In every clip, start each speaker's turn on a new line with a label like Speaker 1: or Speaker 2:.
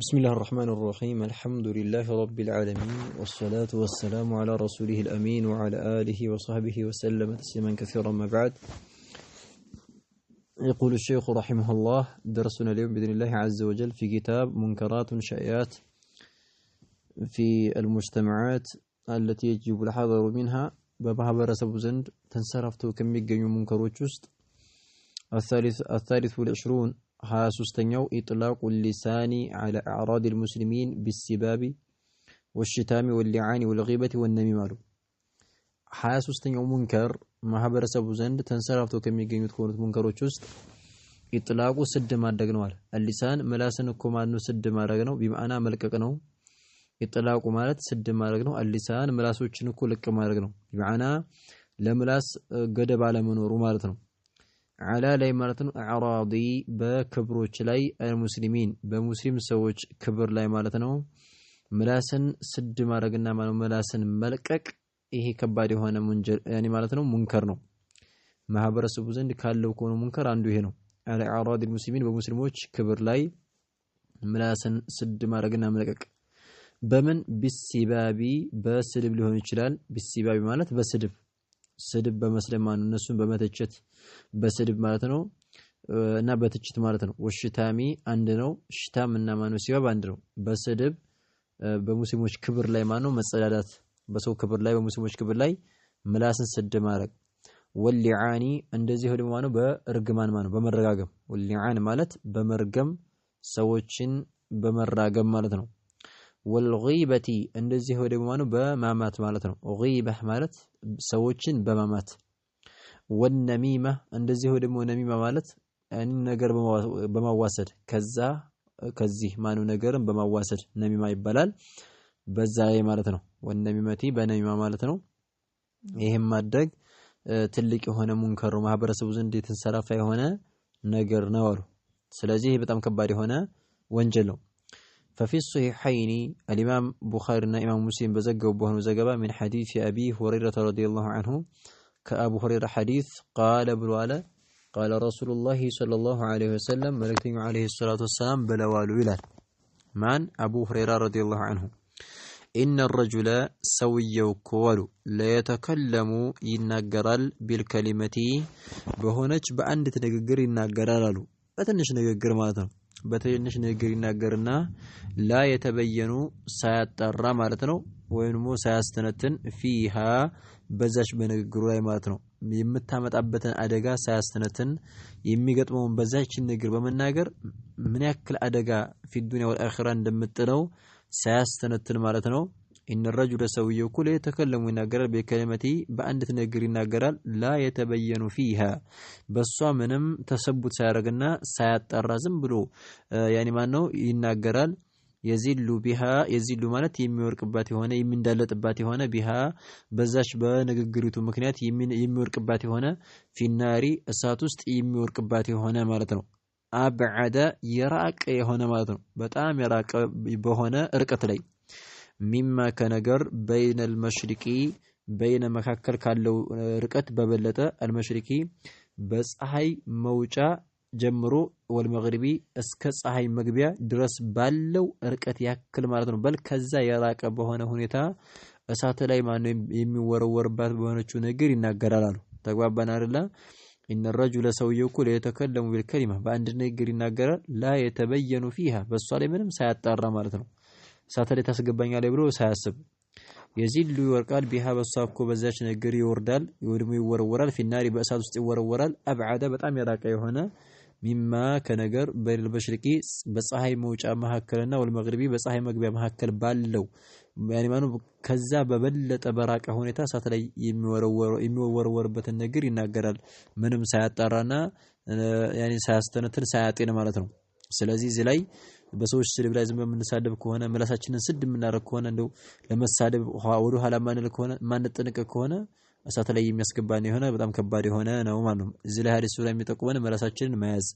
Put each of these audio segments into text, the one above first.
Speaker 1: بسم الله الرحمن الرحيم الحمد لله رب العالمين والصلاة والسلام على رسوله الأمين وعلى آله وصحبه وسلم تسليما كثيرا ما بعد يقول الشيخ رحمه الله درسنا اليوم بإذن الله عز وجل في كتاب منكرات شائعات في المجتمعات التي يجب الحذر منها أبو زند تنسرفت كم ሙንከሮች ውስጥ الثالث الثالث والعشرون ሀያ ሶስተኛው ኢጥላቁ ሊሳኒ አላ አዕራድ ልሙስሊሚን ቢሲባቢ ወሽታሚ ወሊዓኒ ወልጊበቲ ወነሚም አሉ። ሀያ ሶስተኛው ሙንከር ማህበረሰቡ ዘንድ ተንሰራፍተው ከሚገኙት ከሆኑት ሙንከሮች ውስጥ ኢጥላቁ ስድ ማድረግ ነው አለ። አሊሳን ምላስን እኮ ማነው ስድ ማድረግ ነው ቢማዕና መልቀቅ ነው። ኢጥላቁ ማለት ስድ ማድረግ ነው። አሊሳን ምላሶችን እኮ ልቅ ማድረግ ነው ቢማዕና ለምላስ ገደብ አለመኖሩ ማለት ነው። አላ ላይ ማለት ነው። አዕራዲ በክብሮች ላይ አልሙስሊሚን በሙስሊም ሰዎች ክብር ላይ ማለት ነው። ምላስን ስድ ማድረግና ምላስን መልቀቅ ይሄ ከባድ የሆነ ማለት ነው ሙንከር ነው። ማህበረሰቡ ዘንድ ካለው ከሆነ ሙንከር አንዱ ይሄ ነው። አላ አዕራዲ በሙስሊሞች ክብር ላይ ምላስን ስድ ማድረግና መልቀቅ በምን ቢሲባቢ በስድብ ሊሆን ይችላል። ቢሲባቢ ማለት በስድብ ስድብ በመስደብ ማነው እነሱን በመተቸት በስድብ ማለት ነው እና በትችት ማለት ነው። ወሽታሚ አንድ ነው። ሽታም እና ማነው ሲባብ አንድ ነው። በስድብ በሙስሊሞች ክብር ላይ ማነው መጸዳዳት፣ በሰው ክብር ላይ በሙስሊሞች ክብር ላይ ምላስን ስድ ማድረግ። ወሊዓኒ እንደዚህ ደግሞ ማነው በእርግማን ማነው በመረጋገም ወሊዓን ማለት በመርገም ሰዎችን በመራገም ማለት ነው። ወልጊበቲ እንደዚህ ደግሞ ነው በማማት ማለት ነው። ጊበህ ማለት ሰዎችን በማማት ወነሚማ እንደዚህ ደግሞ ነሚማ ማለት ነገር በማዋሰድ ከዛ ከዚህ ማኑ ነገርን በማዋሰድ ነሚማ ይባላል። በዛ ላይ ማለት ነው። ወነሚመቲ በነሚማ ማለት ነው። ይህም ማድረግ ትልቅ የሆነ ሙንከሩ ማህበረሰቡ ዘንድ የተንሰራፋ የሆነ ነገር ነው አሉ። ስለዚህ በጣም ከባድ የሆነ ወንጀል ነው። ففي الصحيحين الإمام بخاري إمام مسلم بزق وبهن زقبا من حديث أبي هريرة رضي الله عنه كأبو هريرة حديث قال بلوالا قال رسول الله صلى الله عليه وسلم ملكتين عليه الصلاة والسلام بلوال إلى من أبو هريرة رضي الله عنه إن الرجل سوي كول لا يتكلم ينقرل بالكلمة بهنج بأن تنقر ينقرل أتنش نقر مالتنا በትንሽ ንግግር ይናገርና ላ የተበየኑ ሳያጣራ ማለት ነው፣ ወይም ደግሞ ሳያስተነትን ፊሃ በዛች በንግግሩ ላይ ማለት ነው የምታመጣበትን አደጋ ሳያስተነትን የሚገጥመውን በዛች ንግግር በመናገር ምን ያክል አደጋ ፊ ዱንያ እንደምጥለው ሳያስተነትን ማለት ነው። ኢነረጁለ ሰውየው ኩል የተከለሙ ይናገራል በከለመቲ በአንዲት ነገር ይናገራል ላ የተበየኑ ፊሃ በሷ ምንም ተሰቡት ሳያደርግና ሳያጣራ ዝም ብሎ ያኒ ማነው ይናገራል የዚሉ ቢሃ የዚሉ ማለት የሚወርቅባት የሆነ የሚንዳለጥባት የሆነ ቢሃ በዛች በንግግሪቱ ምክንያት የሚወርቅባት የሆነ ፊናሪ እሳት ውስጥ የሚወርቅባት የሆነ ማለት ነው። አብዓደ የራቀ የሆነ ማለት ነው። በጣም የራቀ በሆነ እርቀት ላይ ሚማ ከነገር በይነ አልመሽሪቂ በይነ መካከል ካለው ርቀት በበለጠ አልመሽሪቂ በፀሐይ መውጫ ጀምሮ ወልመግሪቢ እስከ ፀሐይ መግቢያ ድረስ ባለው ርቀት ያክል ማለት ነው። በል ከዛ የራቀ በሆነ ሁኔታ እሳት ላይ ማነው የሚወረወርባት በሆነችው ነገር ይናገራል አሉ። ተግባባን አይደለ? ኢነ ረጁለ ሰውየው እኮ ለየተከለሙ ቢልከሊማ በአንድ ነገር ይናገራል ላ የተበየኑ ፊሃ በእሷ ላይ ምንም ሳያጣራ ማለት ነው። እሳት ላይ ታስገባኛለህ ብሎ ሳያስብ የዚሉ ይወርቃል ቢሃ በሷ እኮ በዛች ነገር ይወርዳል ወድሞ ይወረወራል ፊናሪ በእሳት ውስጥ ይወረወራል አብዓደ በጣም ያራቀ የሆነ ሚማ ከነገር በሌል በሽርቂ በፀሐይ መውጫ መካከልና ወልመግሪቢ በፀሐይ መግቢያ መካከል ባለው ያኒማኑ ከዛ በበለጠ በራቀ ሁኔታ እሳት ላይ የሚወረወርበትን ነገር ይናገራል። ምንም ሳያጣራና ያኔ ሳያስተነትን ሳያጤን ማለት ነው። ስለዚህ እዚህ ላይ በሰዎች ስድብ ላይ ዝም የምንሳደብ ከሆነ ምላሳችንን ስድ የምናደርግ ከሆነ እንደው ለመሳደብ ወደ ኋላ ማንል ከሆነ ማንጠነቀቅ ከሆነ እሳት ላይ የሚያስገባን የሆነ በጣም ከባድ የሆነ ነው ማለት ነው። እዚህ ላይ ሀዲሱ ላይ የሚጠቁመን ምላሳችንን መያዝ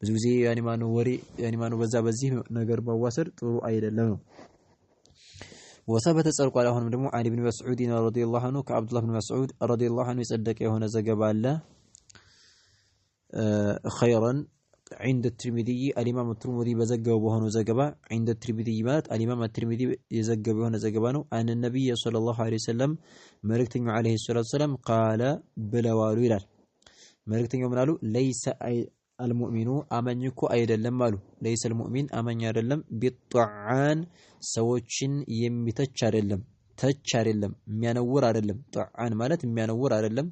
Speaker 1: ብዙ ጊዜ ያኒማኑ ወሬ ማኑ በዛ በዚህ ነገር መዋሰድ ጥሩ አይደለም ነው። ወሰበተ ጸድቋል። አሁንም ደግሞ አን ብን መስዑድ ረዲየላሁ አንሁ ከአብዱላህ ብን መስዑድ ረዲየላሁ አንሁ የጸደቀ የሆነ ዘገባ አለ ኸይረን ዒንደ ትርሚድይ አልኢማም ትርሙዲ በዘገበው በሆነ ዘገባ ዒንደ ትርሚድይ ማለት አልኢማም ትርሚዲ የዘገበው የሆነ ዘገባ ነው። አነ ነቢይ ሰለላሁ ዐለይሂ ወሰለም መልእክተኛው ዐለይሂ ሰላቱ ወሰላም ቃለ ብለዋሉ ይላል። መልእክተኛው ምን አሉ? ለይሰ አልሙእሚኑ አማኝ እኮ አይደለም አሉ። ለይሰ አልሙእሚን አማኝ አይደለም፣ ቢጧዓን ሰዎችን የሚተች አይደለም ተች አይደለም፣ የሚያነውር አይደለም። ጠዓን ማለት የሚያነውር አይደለም።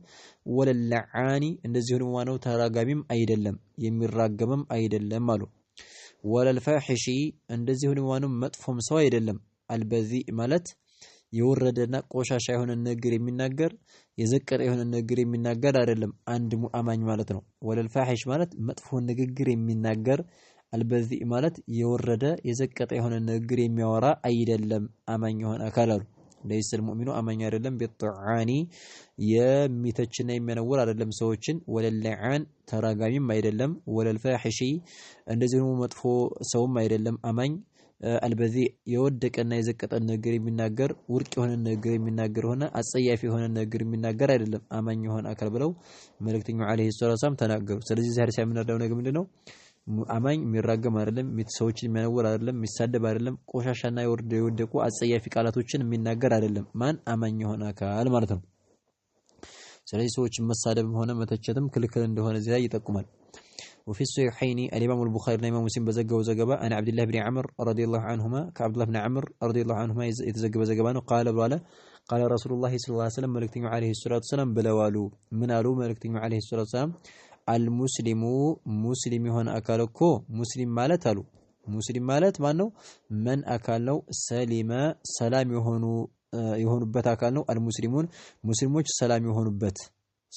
Speaker 1: ወለለዓኒ እንደዚሁ ደግሞ ማነው ተራጋሚም አይደለም፣ የሚራገምም አይደለም አሉ። ወለልፋሒሺ እንደዚሁ ደግሞ ማነው መጥፎም ሰው አይደለም። አልበዚ ማለት የወረደና ቆሻሻ የሆነ ንግግር የሚናገር የዘቀጠ የሆነ ንግግር የሚናገር አይደለም፣ አንድ ሙአማኝ ማለት ነው። ወለልፋሒሽ ማለት መጥፎ ንግግር የሚናገር አልበዚ ማለት የወረደ የዘቀጠ የሆነ ንግግር የሚያወራ አይደለም አማኝ የሆነ አካል አሉ። ለይሰል ሙእሚኑ አማኝ አይደለም። ቢጥዓኒ የሚተችና የሚያነውር አይደለም ሰዎችን፣ ወለልዓን ተራጋሚም አይደለም፣ ወለልፋሂሺ እንደዚህ ደግሞ መጥፎ ሰውም አይደለም አማኝ። አልበዚ የወደቀና የዘቀጠ ነገር የሚናገር ውርቅ የሆነ ነገር የሚናገር ሆነ አጸያፊ የሆነ ነገር የሚናገር አይደለም አማኝ የሆነ አካል ብለው መልእክተኛው ዓለይሂ ሰላም ተናገሩ። ስለዚህ ዛሬ ሲያምናደው ነገር ምንድነው? አማኝ የሚራገም አይደለም፣ ሰዎችን የሚያነውር አይደለም፣ የሚሳደብ አይደለም፣ ቆሻሻና የወደቁ አጸያፊ ቃላቶችን የሚናገር አይደለም። ማን አማኝ የሆነ አካል ማለት ነው። ስለዚህ ሰዎችን መሳደብም ሆነ መተቸትም ክልክል እንደሆነ እዚህ ላይ ይጠቁማል። ወፊ ሶሒሐይኒ አልኢማሙ አልቡኻሪና ኢማሙ ሙስሊም በዘገበው ዘገባ አን ዓብድላህ ብን ዐምር ረዲየላሁ ዐንሁማ ከዓብድላህ ብን ዐምር ረዲየላሁ ዐንሁማ የተዘገበ ዘገባ ነው። ቃለ በኋላ ቃለ ረሱሉላህ ሰለላሁ ዐለይሂ ወሰለም መልእክተኛው ዐለይሂ ሰላቱ ወሰላም ብለዋሉ። ምን አሉ መልእክተኛው ዐለይሂ ሰላቱ ወሰላም አልሙስሊሙ ሙስሊም የሆነ አካል እኮ ሙስሊም ማለት አሉ ሙስሊም ማለት ማን ነው? ምን አካል ነው? ሰሊመ ሰላም የሆኑበት አካል ነው። አልሙስሊሙን ሙስሊሞች ሰላም የሆኑበት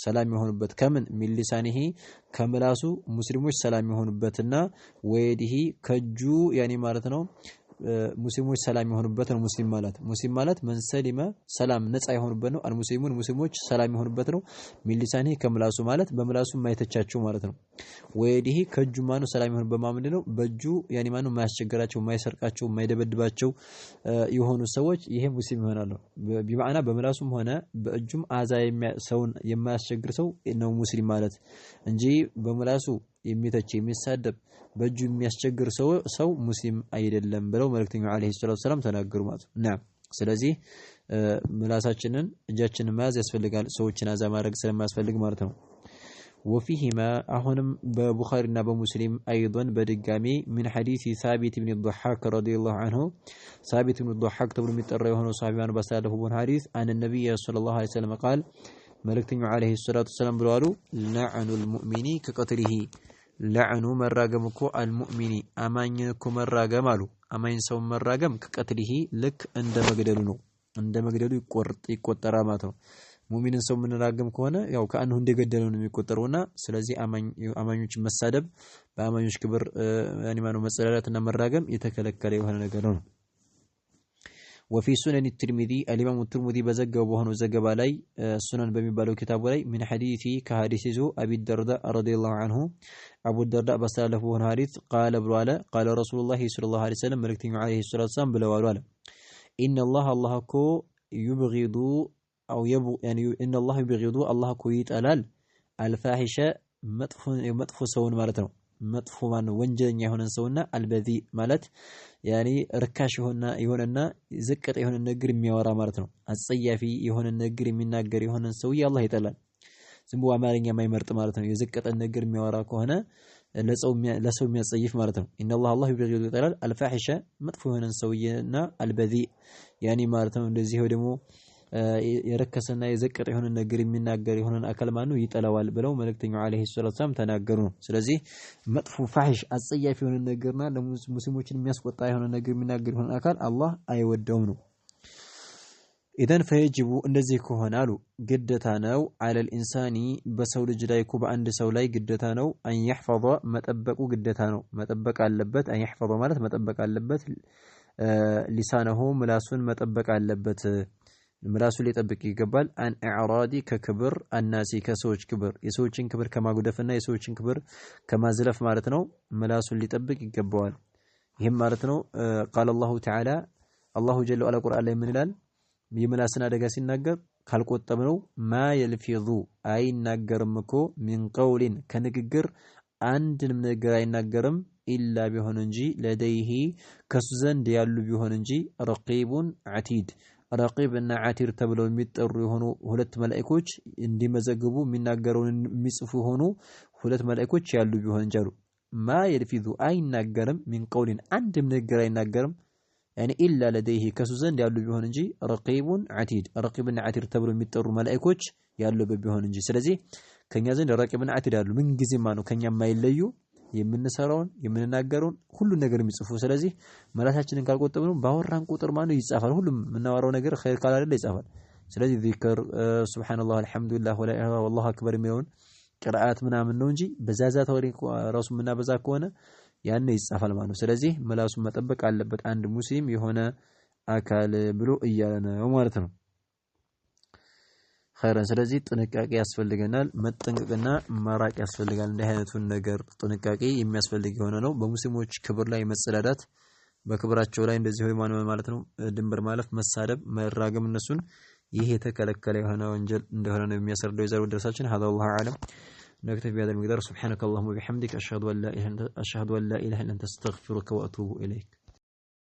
Speaker 1: ሰላም የሆኑበት ከምን ሚሊሳኒሂ ከምላሱ ሙስሊሞች ሰላም የሆኑበትና ወይዲሂ ከጁ ያኔ ማለት ነው ሙስሊሞች ሰላም የሆኑበት ነው። ሙስሊም ማለት ሙስሊም ማለት መንሰሊመ ሰላም ነጻ የሆኑበት ነው። አልሙስሊሙን ሙስሊሞች ሰላም የሆኑበት ነው። ሚሊሳኒ ከምላሱ ማለት በምላሱ የማይተቻቸው ማለት ነው። ወዲህ ከእጁ ማነው ሰላም የሆኑበት ማምድ ነው። በእጁ ያኒ ማኑ የማያስቸግራቸው፣ የማይሰርቃቸው፣ የማይደበድባቸው የሆኑ ሰዎች ይሄ ሙስሊም ይሆናሉ። ቢማዕና በምላሱም ሆነ በእጁም አዛ ሰውን የማያስቸግር ሰው ነው ሙስሊም ማለት እንጂ በምላሱ የሚተች የሚሳደብ በእጁ የሚያስቸግር ሰው ሰው ሙስሊም አይደለም ብለው መልእክተኛው ዓለይሂ ሰላቱ ሰላም ተናገሩ ማለት ነው። ስለዚህ ምላሳችንን እጃችንን መያዝ ያስፈልጋል። ሰዎችን አዛ ማድረግ ስለማያስፈልግ ማለት ነው። ወፊሂማ አሁንም በቡኻሪና በሙስሊም አይዶን በድጋሚ ምን ሐዲስ ሳቢት ብን ضሓክ ረዲየላሁ አንሁ ሳቢት ብን ضሓክ ተብሎ የሚጠራ የሆነው ሰሃቢያን ባስተላለፉ ቡን ሐዲስ አን ነቢይ ሰለላሁ ዐለይሂ ወሰለም ቃል መልእክተኛው ዓለይሂ ሰላቱ ሰላም ብለዋሉ ለዐኑል ሙእሚኒ ከቀትሊሂ ለዕኑ መራገም እኮ አልሙእሚኒ አማኝን እኮ መራገም አሉ። አማኝ ሰውን መራገም ከቀትሊሂ ልክ እንደ መግደሉ ነው፣ እንደ መግደሉ ይቆጠራ ማለት ነው። ሙእሚንን ሰው የምንራገም ከሆነ ያው ከአንሁ እንደገደለው ነው የሚቆጠረውና ስለዚህ አማኞች መሳደብ በአማኞች ክብር ማነው እና መራገም የተከለከለ የሆነ ነገር ነው። وفي سنن الترمذي الإمام الترمذي بزق أبوهن وزقب علي السنن آه، بمبالو كتاب علي من حديثي كحديث زو أبي الدرداء رضي الله عنه أبو الدرداء بسأل أبوهن حديث قال بروالة قال رسول الله صلى الله عليه وسلم ملكت عليه الصلاة والسلام بلوال والا إن الله الله كو يبغض أو يبغ يعني إن الله يبغض الله كو يتألال الفاحشة مدخو مدخو سون مالتنو መጥፎ ማነው ወንጀለኛ የሆነን ሰውና አልበዚ ማለት ያኔ ርካሽ የሆነና ዘቀጠ የሆነ ነገር የሚያወራ ማለት ነው። አጸያፊ የሆነ ነገር የሚናገር የሆነን ሰውዬ አላህ ይጠላል። ዝም ብሎ አማርኛ የማይመርጥ ማለት ነው። የዘቀጠን ነገር የሚያወራ ከሆነ ለሰው የሚያጸይፍ ማለት ነው። ኢነላህ አላህ ይብገዱ ይጠላል። አልፋሒሻ መጥፎ የሆነን ሰውዬና አልበዚ ያኔ ማለት ነው። እንደዚህ ደግሞ የረከሰና የዘቀጠ የሆነ ነገር የሚናገር የሆነን አካል ነው ይጠላዋል ብለው መልእክተኛው ዓለይሂ ሰላቱ ሰላም ተናገሩ ነው። ስለዚህ መጥፎ ፋሽ አጸያፊ የሆነ ነገርና ለሙስሊሞችን የሚያስቆጣ የሆነ ነገር የሚናገር የሆነ አካል አላህ አይወደውም ነው። ኢዘን ፈየጅቡ እንደዚህ ከሆነ አሉ ግደታ ነው አለል ኢንሳኒ በሰው ልጅ ላይ እኮ በአንድ ሰው ላይ ግደታ ነው። አንየሕፈظ መጠበቁ ግደታ ነው። መጠበቅ አለበት። አንየሕፈظ ማለት መጠበቅ አለበት። ሊሳነሆ ምላሱን መጠበቅ አለበት። ምላሱ ሊጠብቅ ይገባል። አን ኢዕራዲ ከክብር አናሲ ከሰዎች ክብር የሰዎችን ክብር ከማጉደፍና የሰዎችን ክብር ከማዝለፍ ማለት ነው። ምላሱን ሊጠብቅ ይገባዋል። ይህም ማለት ነው ቃለ አላሁ ተዓላ አላሁ ጀለ ወዐላ ቁርአን ላይ ምን ይላል? የምላስን አደጋ ሲናገር ካልቆጠብነው ማ የልፊዙ አይናገርም እኮ ሚን ቀውሊን ከንግግር አንድንም ንግግር አይናገርም ኢላ ቢሆን እንጂ ለደይሂ ከሱ ዘንድ ያሉ ቢሆን እንጂ ረቂቡን ዐቲድ ረቂብ እና ዓቲር ተብለው የሚጠሩ የሆኑ ሁለት መላእኮች እንዲመዘግቡ የሚናገረውን የሚጽፉ የሆኑ ሁለት መላእኮች ያሉ ቢሆን እንጂ አሉ ማ የልፊዙ አይናገርም ሚን ቀውሊን አንድም ንግግር አይናገርም ያኔ ኢላ ለደይህ ከሱ ዘንድ ያሉ ቢሆን እንጂ ረቂቡን ዓቲድ ረቂብና ዓቲር ተብለው የሚጠሩ መላእኮች ያሉበት ቢሆን እንጂ ስለዚህ ከኛ ዘንድ ረቂብና ዓቲድ አሉ ምንጊዜማ ነው ከኛ የማይለዩ የምንሰራውን የምንናገረውን ሁሉን ነገር የሚጽፉ ስለዚህ መላሳችንን ካልቆጠብነው ባወራን ቁጥር ማነው ይጻፋል። ሁሉም የምናወራው ነገር ኸይር ካላደለ ይጻፋል። ስለዚህ ዚክር ሱብሓነላህ፣ አልሐምዱሊላህ፣ ወላ አክበር የሚለውን ቅርአት ምናምን ነው እንጂ በዛዛ ወሬ ራሱ የምናበዛ ከሆነ ያኔ ይጻፋል ማለት ነው። ስለዚህ መላሱን መጠበቅ አለበት አንድ ሙስሊም የሆነ አካል ብሎ እያለ ነው ማለት ነው። ኸይረን። ስለዚህ ጥንቃቄ ያስፈልገናል። መጠንቀቅና መራቅ ያስፈልጋል። እንዲህ አይነቱን ነገር ጥንቃቄ የሚያስፈልግ የሆነ ነው። በሙስሊሞች ክብር ላይ መጸዳዳት፣ በክብራቸው ላይ እንደዚህ ሆይ ማን ማለት ነው ድንበር ማለፍ፣ መሳደብ፣ መራገም እነሱን ይህ የተከለከለ የሆነ ወንጀል እንደሆነ ነው የሚያስረዳው የዛሬው ደረሳችን። هذا والله اعلم نكتفي بهذا المقدار سبحانك اللهم وبحمدك اشهد ان لا اله الا انت استغفرك واتوب اليك